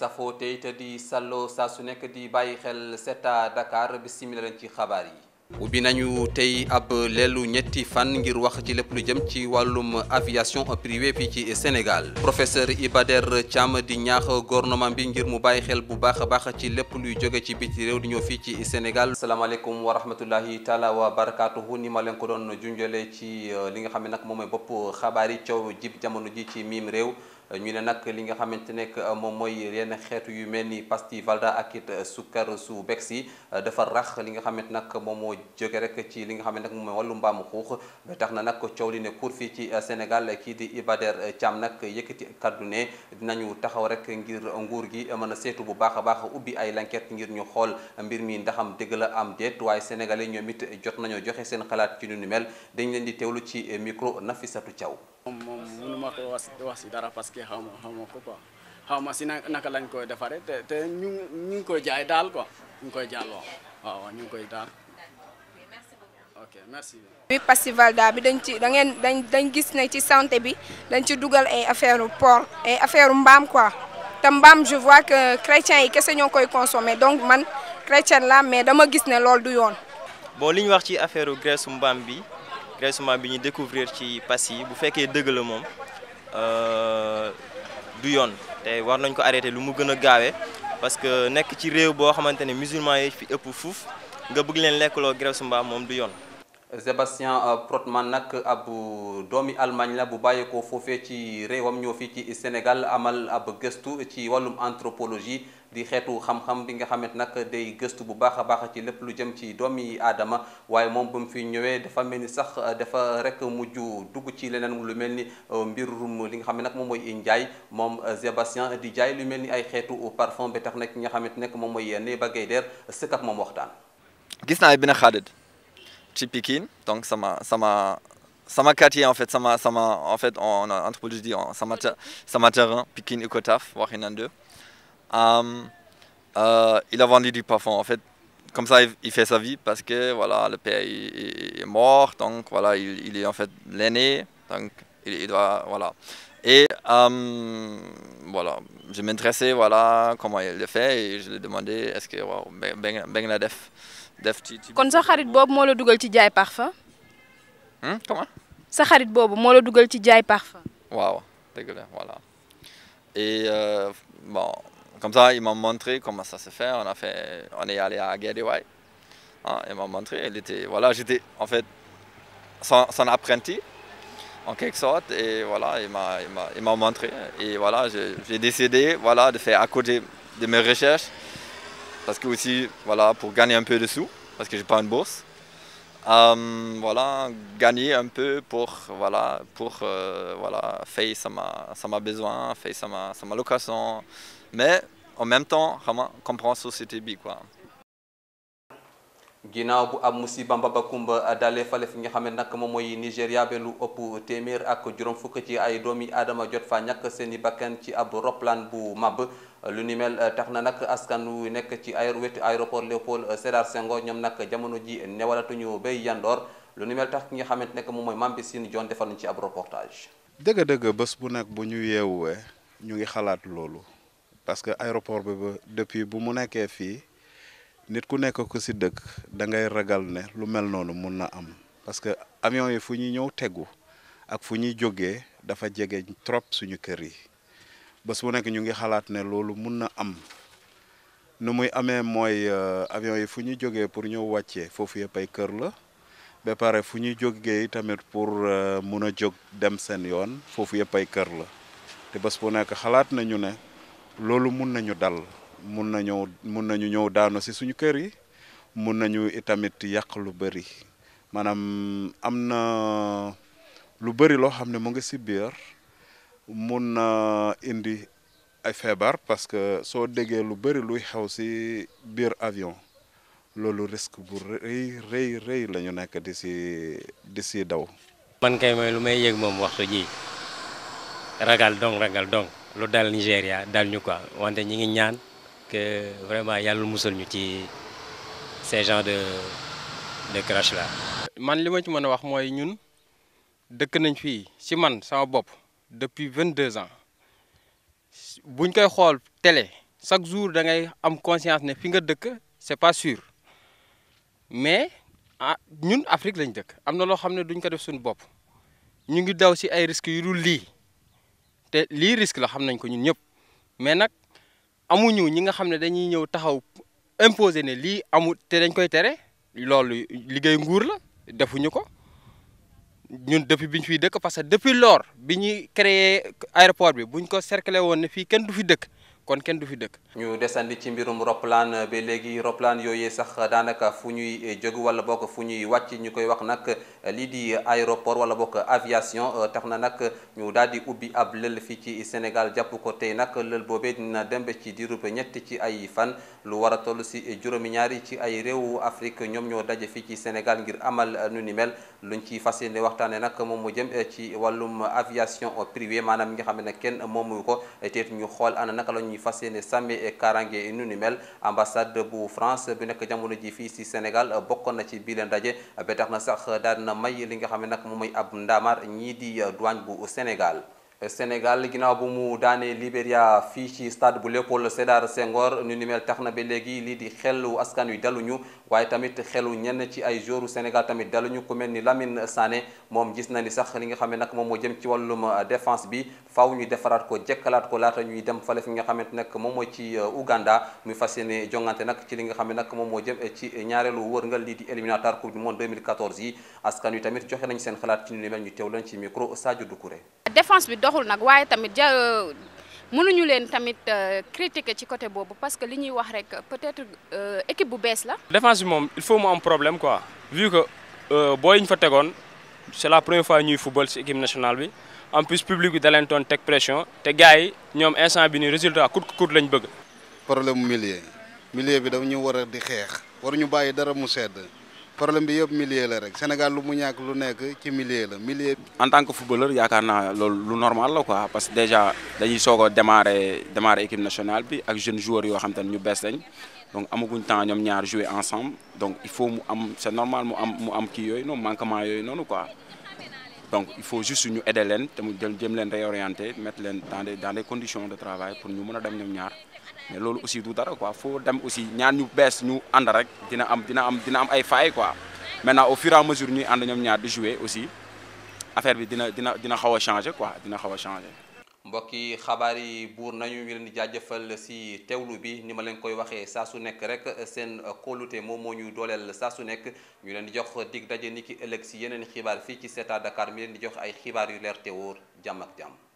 safoo tey te di salloo saa su nekk di bàyyi xel Seta Dakar bi leen ci xabaar yi ubbi nañu tey ab leelu ñetti fan ngir wax ci lépp lu jëm ci wàllum aviation privée fii ci Sénégal professeur Iba Der Thiam di ñaax gouvernement bi ngir mu bàyyi xel bu baax a baax ci lépp luy jóge ci biti réew di ñëw fii ci Sénégal salaamaaleykum wa rahmatullahi taala wa barakaatuhu ni ma leen ko doon junjale ci euh, li nga xam ne nag moom mooy bopp xabaar yi coow jib jamono ji ci miim réew ñu ne nag li nga xamante nekk euh, moom mooy yenn xeetu yu mel ni pastille Valda ak it euh, sukkar su beksi euh, dafa rax li nga xamante nag moom moo jóge rek ci li nga xamante nag moom mooy wàllu mbaamu xuux ba tax na nag coow li ne kur fii ci Sénégal kii di Iba Der nag yëkkati kaddu ne dinañu taxaw rek ngir nguur gi mën a seetu bu baax a baax ubbi ay lanket ngir ñu xool mbir mi ndaxam dëgg la am déet waaye sénégalais ñoom it jot nañoo joxe seen xalaat ci nu ni mel dañ leen di teewlu ci micro Nafisatou Thiaw moom moom mënu ko wax si dara parce que xaw ma ko quoi xaw ma si naka lañ koy defaree te te ñu ñu ngi koy jaay daal quoi ñu ngi koy jàlloo waaw ñu ngi koy daal ok merci. bi Passivalda bi dañ ci dangeen dañ dañ gis ne ci santé bi dañ ci dugal ay affaire porc ay affaire mbaam quoi te mbaam je vois que chrétiens yi kese ñoo koy consommer donc man chrétien la mais dama gis ne loolu du yoon. bon li wax ci affaire graisse mbaam bi. récemment bi ñu découvrir ci pass yi bu fekkee dëgg la moom euh, du yoon te war nañ ko arrêté lu mu gën a gaawee parce que nekk ci réew boo xamante ne musulman yi fi ëpp fuuf nga bëgg leen lekkaloo grève mbaam moom du yoon Sébastien euh, Protman nag ab doomi Allemagne la bu bàyyeekoo foofee ci réewam ñoo fii ci Sénégal amal ab gëstu ci wàllum anthropologie di xeetu xam-xam bi nga xamante nag day gëstu bu baax a baax ci lépp lu jëm ci doomi aadama waaye moom ba mu fi ñëwee dafa mel ni sax dafa rek mujj dugg ci leneen lu mel ni mbir euh, mbirum li nga xam ne nag moom mooy njaay moom euh, Sébastien di jaay lu mel ni ay xeetu parfum ba tax nag ki nga xamante nekk moom mooy Néba Guédère sëkk ak moom waxtaan. gis naa benn xaarit ci Pikine donc sama sama sama quartier en fait sama sama en fait en anthropologie sama sama terrain Pikine Icotaf wax nañ deux euh, il a vendu du parfum en fait comme ça il fait sa vie parce que voilà le père il, est mort donc voilà il, il est en fait l'aîné donc il, il, doit voilà et euh, voilà je m'intéressais voilà comment il le fait et je lui ai demandé est-ce que wow, Bangladesh def ci ci. kon sa xarit boobu moo la dugal ci jaay parfum. Hmm, comment. sa xarit boobu moo la dugal ci jaay parfum. waaw dëgg la voilà et euh, bon comme ça il m'a montré comment ça se fait on a est allé à Guédiawaye ah il m'a montré il était voilà j'étais en fait son son apprenti en quelque sorte et voilà il m'a il m'a il m'a montré et voilà j'ai décidé de faire à côté de mes recherches Parce que aussi, voilà, pour gagner un peu de parce que j'ai pas une bourse. Euh, voilà, gagner un peu pour, voilà, pour, euh, voilà, faire ça m'a, ça m'a besoin, faire ça m'a, location. Mais en même temps, vraiment comprendre société bi, quoi. ginnaaw bu ab musiba mbaba kumba dalee fale fi nga xam ne nag moom mooy Nigéria ba lu ëpp téeméer ak juróom fukk ci ay doomi aadama jot fa ñàkk seeni bakkan ci ab roplaan bu mab lu ni mel tax na nag askan wu nekk ci aéro wetu aéroport Léopold euh, Sédar Senghor ñoom nag jamono ji newalatuñu bay yandoor lu ni mel tax ki nga xamante nekk moom mooy Mame Bissine Dione defal nañ ci ab reportage. dëgg-dëgg bu nekk bu ñu yeewuwee ñu ngi xalaat loolu parce que aéroport bi ba bu mu nekkee fii nit ku nekk ku si dëkk da ngay ragal ne lu mel noonu mun na am parce que avion yi fu ñuy ñëw tegu ak fu ñuy jógee dafa jege trop suñu kër yi. bés bu nekk ñu ngi xalaat ne loolu mun na am nu muy amee mooy euh, avion yi fu ñu jógee pour ñëw wàccee foofu yëpp ay kër la ba fu ñuy jógee tamit pour euh, mun a jóg dem seen yoon foofu yëpp ay kër la te bés bu nekk xalaat nañu ne loolu mun nañu dal mun nañu mun nañu ñëw daanu si suñu kër yi mun nañu itamit yàq lu bëri maanaam am na lu bëri loo xam ne mu ngi si biir. mun na indi ay feebar parce que soo déggee lu bëri luy xew si biir avion loolu risque bu rëy rëy rëy la ñu nekk di si di si daw. man kay mooy lu may yëg moom wax ji ragal dong ragal dong lu daal Nigéria daal ñu quoi wante ñi ngi ñaan que vraiment yàlla musal ñu ci ces de de crash là. man li ci mën a wax mooy ñun dëkk nañ fii si man sama bopp. depuis vingt deux ans buñ koy xool télé chaque jour da ngay am conscience ne fi nga dëkk c'est pas sur mais ah ñun Afrique lañ dëkk am na loo xam ne duñ ko def suñu bopp ñu ngi daw si ay risques yu dul lii te lii risque la xam nañ ko ñun ñëpp mais nag amuñu ñi nga xam ne dañuy ñëw taxaw imposé ne lii amul te dañ koy tere loolu liggéey nguur la defuñu ko. ñun depuis bi ñu fiy dëkk parce que depuis lors bi ñuy créé aéroport bi bu ñu ko cerclé woon ne fii kenn du fi dëkk kon kenn du fi dëkk. ñu desandi ci mbirum roplaan ba léegi roplaan yooyu sax daanaka fu ñuy jóg wala bokk fu ñuy wàcc ñu koy wax nag lii di aéroport wala bokk aviation euh, tax na nag ñu daal di ubbi ab lël fii ci Sénégal jàpp ko tey nag lël boobee na dem ci ci diirub ñett ci ay fan lu war a toll si juróomi ñaari ci ay réew Afrique ñoom ñoo daje fii ci Sénégal ngir amal nu ni mel luñ ci fas ne waxtaanee nag moom mu jëm euh, ci wàllum aviation privée maanaam ñi nga xam ne kenn moomu ko fas yéene sàmmi kaaraange nu ni mel ambassade bu France bi nekk jamono ji fii si Sénégal bokkoon na ci biile ndaje ba na sax daal may li nga xam ne nag mu may ab ndaamaar ñii di douane bu Sénégal Sénégal ginnaaw bu mu daanee Libéria fii ci stade bu Léopold Sédar Senghor ñu ni mel tax na ba léegi lii di xelu askan wi daluñu waaye tamit xelu ñenn ci ay joueurs Sénégal tamit daluñu ku mel ni Lamine Sané moom gis na ni sax li nga xam ne nag moom moo jëm ci wàllum euh, défense bi faaw ñu defaraat ko jekkalaat ko laata ñuy dem fale fi nga xamante nag moom mooy ci euh, Ouganda muy fas yéene jongante nag ci li nga xam ne nag moom moo jëm euh, ci ñaareelu wërngal lii di éliminatoire coupe du monde 2014 yi askan wi tamit joxe nañu seen xalaat ci ñu ni mel ñu teew leen ci micro Sadio Doucouré doxul nag waaye tamit ja euh, mënuñu leen tamit euh, critiquer ci côté boobu parce que li ñuy wax rek peut-être euh, équipe bu bees la. défense bi moom il faut mu am problème quoi vu que boo ñu fa tegoon c'est la première fois ñuy football ci équipe nationale bi en plus public bi da leen teg pression te gars yi ñoom instant bi nii résultat court court lañu bëgg. problème mu millier milieu bi dafa ñu war a di xeex waruñu bàyyi dara mu sedd. problème bi yëpp milieu la rek Sénégal lu mu ñàkk lu nekk ci milieu la milieu. en tant footballeur yaakaar naa loolu lu normal la quoi parce que déjà dañuy soog a démarrer démarrer équipe nationale bi ak jeune joueurs yoo xam te ñu bees lañ donc amaguñ temps ñoom ñaar jouer ensemble donc il faut mu am c'est normal mu am mu am kii yooyu noonu manquement yooyu noonu quoi donc il faut juste ñu aider leen te mu jëm leen réorienter mettre leen dans des dans des conditions de travail pour ñu mën a dem ñoom ñaar. loolu aussi du dara quoi foo dem aussi ñaan ñu bees ñu ànd rek dina am dina am dina am ay failles quoi maintenant au fur et à mesure ñuy ànd ñoom ñaar di jouer aussi affaire bi dina dina dina xaw a changer quoi dina xaw a changer. mbokki xabaar yi buur nañu ñu leen di jaajëfal si teewlu bi ni ma leen koy waxee saa su nekk rek seen kóolute moom moo ñuy dooleel saa su nekk ñu leen di jox dig daje ni ki ëllëg si yeneen xibaar fii ci Seeta Dakar mi leen di jox ay xibaar yu leer te wóor jàmm ak